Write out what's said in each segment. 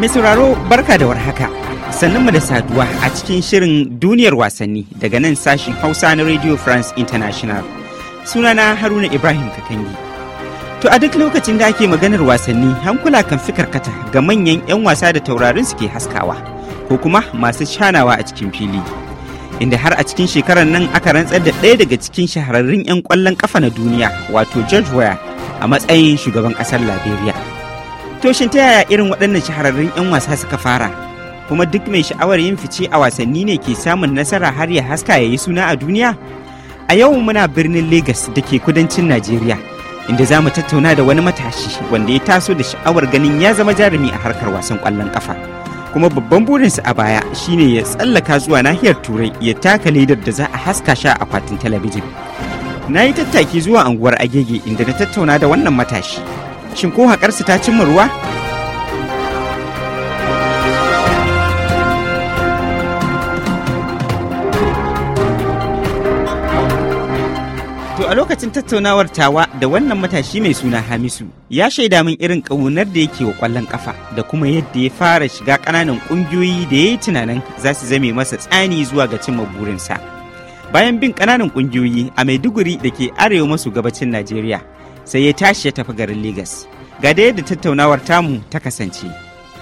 Mai sauraro barka da warhaka. Sannunmu da saduwa a cikin shirin duniyar wasanni daga nan sashin Hausa na Radio France International. Sunana Haruna Ibrahim Kakangi. To a duk lokacin da ake maganar wasanni hankula kan fi karkata ga manyan 'yan wasa da taurarin suke haskawa ko kuma masu shanawa a cikin fili. Inda har a cikin shekarar nan aka rantsar da ɗaya daga cikin shahararrun 'yan ƙwallon ƙafa na duniya wato George Weah a matsayin shugaban ƙasar Liberia. To ta yaya irin waɗannan shahararrun 'yan wasa suka fara? Kuma duk mai sha'awar yin fice a wasanni ne ke samun nasara har ya haska ya yi suna a duniya? A yau muna birnin Legas da ke kudancin Najeriya, inda za mu tattauna da wani matashi wanda ya taso da sha'awar ganin ya zama jarumi a harkar wasan ƙwallon ƙafa. Kuma babban burinsa a baya shine ya tsallaka zuwa nahiyar Turai ya taka ledar da za a haska sha a akwatin talabijin. Na yi tattaki zuwa anguwar Agege inda na tattauna da wannan matashi. Shin ko haƙarsu ta cimma ruwa? To a lokacin tattaunawar tawa da wannan matashi mai suna Hamisu ya shaida min irin ƙaunar da yake wa ƙwallon ƙafa da kuma yadda ya fara shiga ƙananan ƙungiyoyi da ya yi tunanin za su zame masa tsani zuwa ga cimma burinsa. Bayan bin ƙananan ƙungiyoyi a Maiduguri da ke arewa masu gabacin Najeriya, sai ya tashi ya tafi garin Legas. Ga da tattaunawar tamu ta kasance.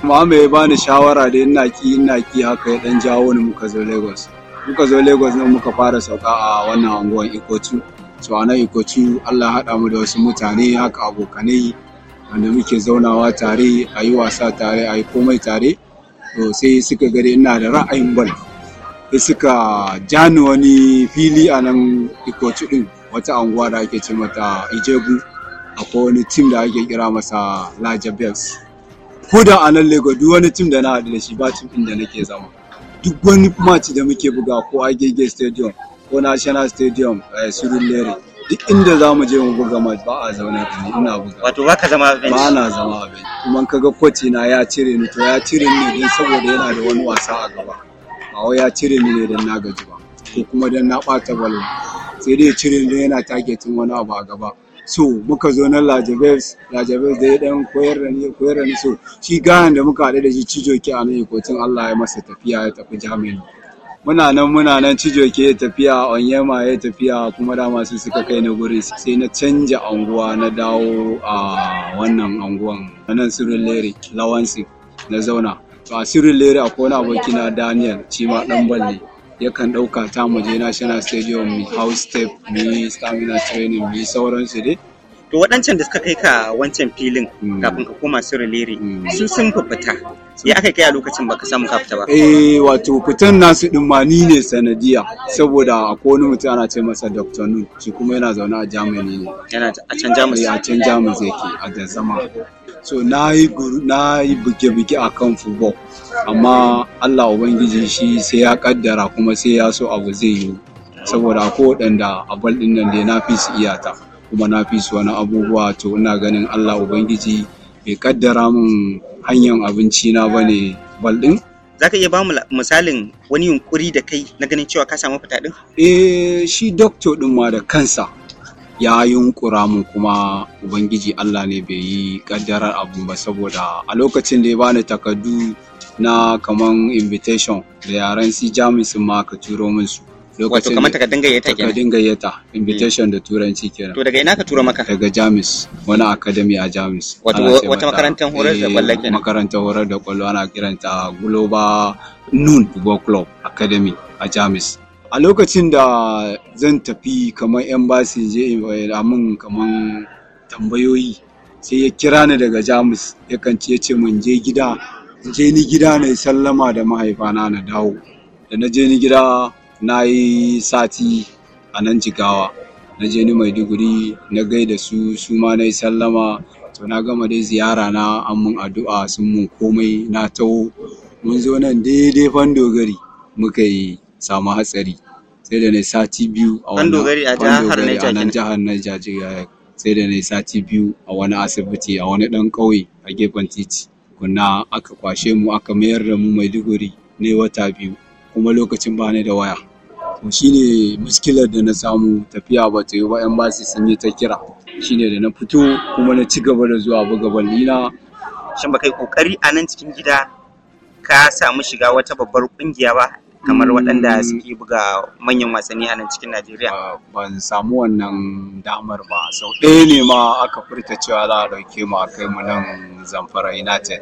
Mama ya bani shawara da ina ki ina ki haka ya dan jawo ni muka zo Legas. Muka zo Legas nan muka fara sauka a wannan anguwan Ikotu. To a nan Ikotu Allah haɗa mu da wasu mutane haka abokanai wanda muke zaunawa tare a yi wasa tare a yi komai tare. To sai suka gare ina da ra'ayin bal. Sai suka jani wani fili a nan Ikotu ɗin wata anguwa da ake ce mata Ijebu. akwai wani tim da ake kira masa Laja Bells. Ko da a nan Lagos duk wani tim da na haɗu da shi ba tim ɗin da nake zama. Duk wani match da muke buga ko Agege Stadium ko National Stadium a eh, Surun Lere. Duk inda zamu je mu buga match ba a zaune ina buga. Wato ba ka zama a bench? Ba na zama a Kuma ka ga kwaci na ya cire ni to ya cire ni ne saboda yana da wani wasa a gaba. Ba ya cire ni ne don na gaji ba. Ko kuma don na ɓata ballon. Sai dai cire ni yana targeting wani abu a gaba. so muka zo nan lajabes lajabes da ya dan koyar da ni koyar da ni so shi gayan da muka haɗu da shi cijoki a nan kotun allah ya masa tafiya ya tafi germany muna nan muna nan cijoki ya tafiya onyema ya tafiya kuma da masu suka kai na gurin sai na canja anguwa na dawo a wannan anguwan nan surin leri lawansi na zauna to a surin leri akwai wani abokina daniel shi ma dan balle yakan ɗauka ta mu je national stadium mu hau step mu yi stamina training mu yi sauransu dai to waɗancan da suka kai ka wancan filin hmm. kafin ka koma su leri hmm. su sun fita ya aka kai a lokacin baka samu ka fita ba eh wato fitan nasu din ma ni ne sanadiya saboda akwai wani mutum ana ce masa Dr. Nun shi kuma yana zaune a Germany ne yana a can Jamus eh, a can Jamus yake a da zama so na yi na yi buge-buge a kan football amma Allah ubangiji shi sai ya kaddara kuma sai ya so abu zai yi saboda ko waɗanda a bal ɗin nan da na fi su iyata kuma na fi su wani abubuwa to ina ganin Allah Ubangiji bai kaddara min hanyar abinci na bane baldin za ka iya ba mu misalin wani yunkuri da kai na ganin cewa ka samu fita din? Eh shi doktor ɗin ma da kansa ya yunkura mu kuma ubangiji Allah ne bai yi kaddarar abun ba saboda a lokacin da ya bani takardu na kaman invitation da yaren si jamusin ma ka turo min su wato kamar dinga yeta kenan dinga yeta hmm. invitation da turanci kenan to daga ina ka tura maka daga Jamus wani academy a Jamus wato wata makarantar horar da kwallo eh, kenan makarantar horar da kwallo ana kiranta Global Noon Football Club Academy a Jamus a lokacin da zan tafi kamar embassy je mun kamar tambayoyi sai ya kira ni daga Jamus yakan ce ce mun je gida je ni gida na sallama da mahaifana na dawo da na je ni gida na yi sati a nan jigawa na je ni maiduguri na gaida su su ma na yi sallama to na gama dai ziyara na an mun addu'a sun mun komai na taho mun zo nan daidai fandogari muka yi samu hatsari sai da na sati biyu a wannan fandogari a nan jihar Niger sai da na sati biyu a wani asibiti a wani ɗan ƙauye a gefen titi kunna aka kwashe mu aka mayar da mu maiduguri ne wata biyu kuma lokacin ba ni da waya to shine muskilar da na samu tafiya ba ta yi ba yan basi sun yi ta kira shine da na fito kuma na ci gaba da zuwa buga ballina shin ba kai kokari a nan cikin gida ka samu shiga wata babbar kungiya ba kamar waɗanda mm. suke buga manyan wasanni a nan cikin Najeriya? Ban samu wannan damar ba. Sau ɗaya ne ma aka furta cewa za a ɗauke mu a kai mu nan Zamfara United.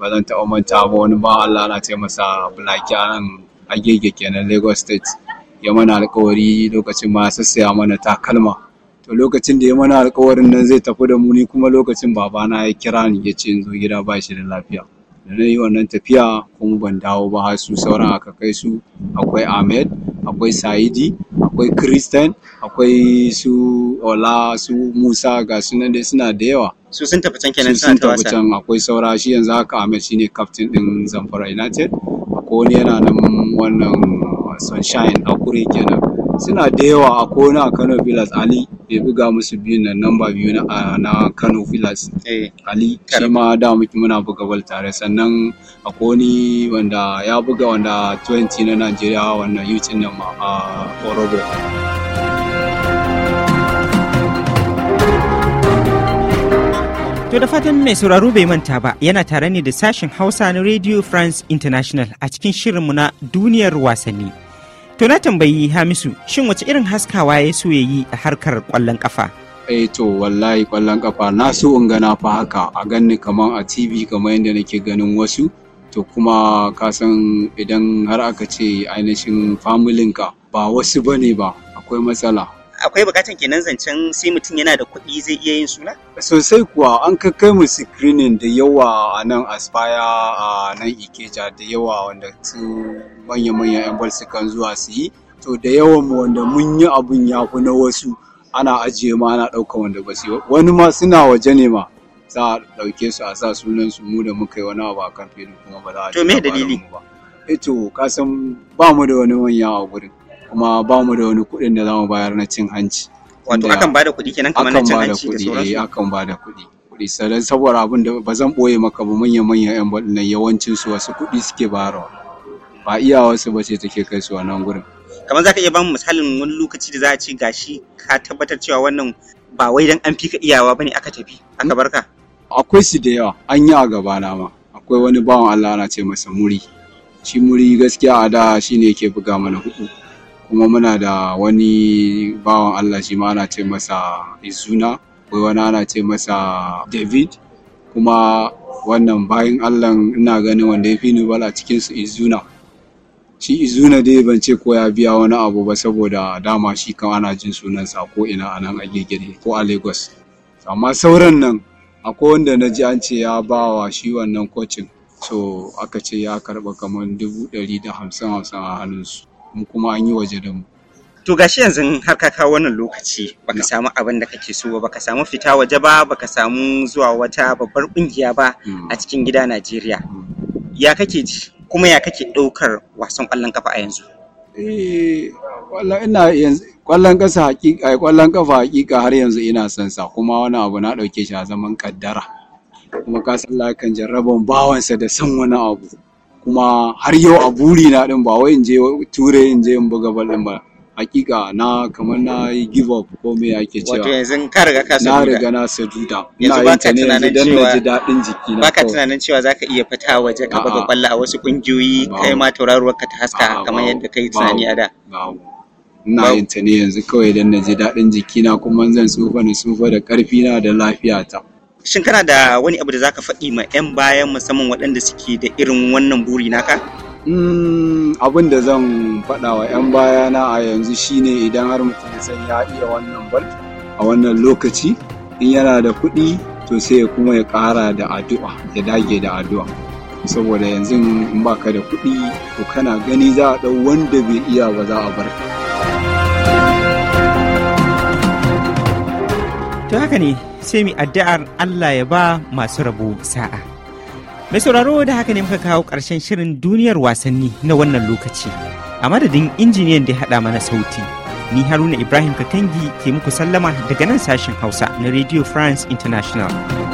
Ba zan taɓa manta ba wani ba Allah na ce masa bulaki a nan agege kenan lagos state ya mana alkawari lokacin ma sassaya mana takalma to lokacin da ya mana alkawarin nan zai tafi da mu ni kuma lokacin babana ya kira ni ya ce in zo gida ba shi da lafiya da na yi wannan tafiya kuma ban dawo ba har su sauran aka kai su akwai ahmed akwai saidi akwai christian akwai su ola su musa ga su nan dai suna da yawa su sun tafi can kenan suna ta sun tafi can akwai saura shi yanzu haka ahmed shine captain din zamfara united wani yana nan wannan sunshine a kure kenan suna da yawa a kona a kano villas ali bai buga musu biyun nan namba biyu na kano villas eh, ali shi ma da muke muna buga bal tare sannan a wani wanda ya buga wanda 20 na nigeria wannan yucin nan ma a orobo To da fatan mai sauraro bai manta ba yana tare ne da sashen Hausa na Radio France International a cikin shirinmu na duniyar wasanni. To na tambayi Hamisu shin wace irin haskawa ya so ya yi a harkar kwallon kafa? Eh to wallahi kwallon kafa na so in gana fa haka a ganni kamar a TV kamar yadda nake ganin wasu to kuma ka san idan har aka ce ainihin familinka ba wasu bane ba akwai matsala akwai bukatan kenan zancen sai mutum yana da kuɗi zai iya yin suna? Sosai kuwa an kai mu screening da yawa a nan Aspire a nan Ikeja da yawa wanda su manya-manyan 'yan bal sukan zuwa su yi. To da yawan mu wanda mun yi abun ya fi na wasu ana ajiye ma ana ɗauka wanda ba su wani ma suna waje ne ma za a ɗauke su a sa sunan su mu da muka yi wani abu a kan fili kuma ba za a ba. To me dalili? Eto eh kasan ba mu da wani manya a gurin. kuma ba mu da wani kuɗin da za mu bayar na cin hanci wato akan bada kuɗi kenan kamar na cin hanci da sauransu akan da kuɗi kuɗi sannan saboda abin da ba zan ɓoye maka ba manyan manyan yan baɗin yawancin su wasu kuɗi suke bayarwa ba wasu ba ce take kai su wannan gurin kamar za ka iya bamu misalin wani lokaci da za a ce gashi ka tabbatar cewa wannan ba wai dan an fi ka iyawa bane aka tafi aka barka akwai su da yawa an yi a gaba na ma akwai wani bawan Allah ana ce masa muri shi muri gaskiya a da shi ne yake buga mana hudu kuma muna da wani bawan Allah shi ma ana ce masa Izuna akwai wani ana ce masa David kuma wannan bayan Allah ina ganin wanda ya fi ni bala cikin su Izuna shi Izuna dai ban ce ko ya biya wani abu ba saboda dama shi kan ana jin sunansa ko ina a nan a gegere ko a Lagos amma sauran nan akwai wanda na ji an ce ya ba wa shi wannan kocin so aka ce ya karɓa kamar dubu ɗari da hamsin hamsin a hannunsu mu kuma an yi waje da mu to gashi yanzu har ka kawo wannan lokaci baka samu abin da kake so baka samu fita waje ba baka samu zuwa wata babbar kungiya ba hmm. a cikin gida Najeriya hmm. ya kake ji kuma ya kake ɗaukar wasan ƙwallon kafa a yanzu eh ina yanzu ƙwallon kasa hakika kafa hakika har yanzu ina son sa kuma wani abu na ɗauke shi a zaman kaddara kuma ka san Allah jarraban bawansa da san wani abu kuma har yau a buri na din ba wai in je ture in je in buga ballon ba hakika na kamar na yi give up ko me ake cewa wato yanzu ka riga ka na riga na saduda yanzu ba ka tunanin cewa ji dadin jiki na ba ka tunanin cewa zaka iya fita waje ka buga kwallo a wasu kungiyoyi kai ma tauraruwar ka ta haska kamar yadda kai tunani a da ina yin ta ne yanzu kawai dan na ji dadin jiki na kuma zan tsufa ni tsufa da karfi na da lafiya ta. shin kana da wani abu da zaka faɗi ma 'yan bayan musamman waɗanda suke da irin wannan buri naka? Mm, abin da zan faɗa wa 'yan bayana a yanzu shine idan har mutum ya san ya iya wannan bal a wannan lokaci in yana da kuɗi to sai ya kuma ya ƙara da addu'a ya dage da addu'a saboda yanzu in baka da kuɗi to kana gani za a ɗau wanda bai iya ba za a bar to haka ne sai mu addu'ar Allah ya ba masu rabo sa'a. Mai sauraro da haka ne muka kawo ƙarshen shirin duniyar wasanni na wannan lokaci. A madadin injiniyan da ya haɗa mana sauti, ni Haruna Ibrahim Katangi ke muku sallama daga nan sashen Hausa na Radio France International.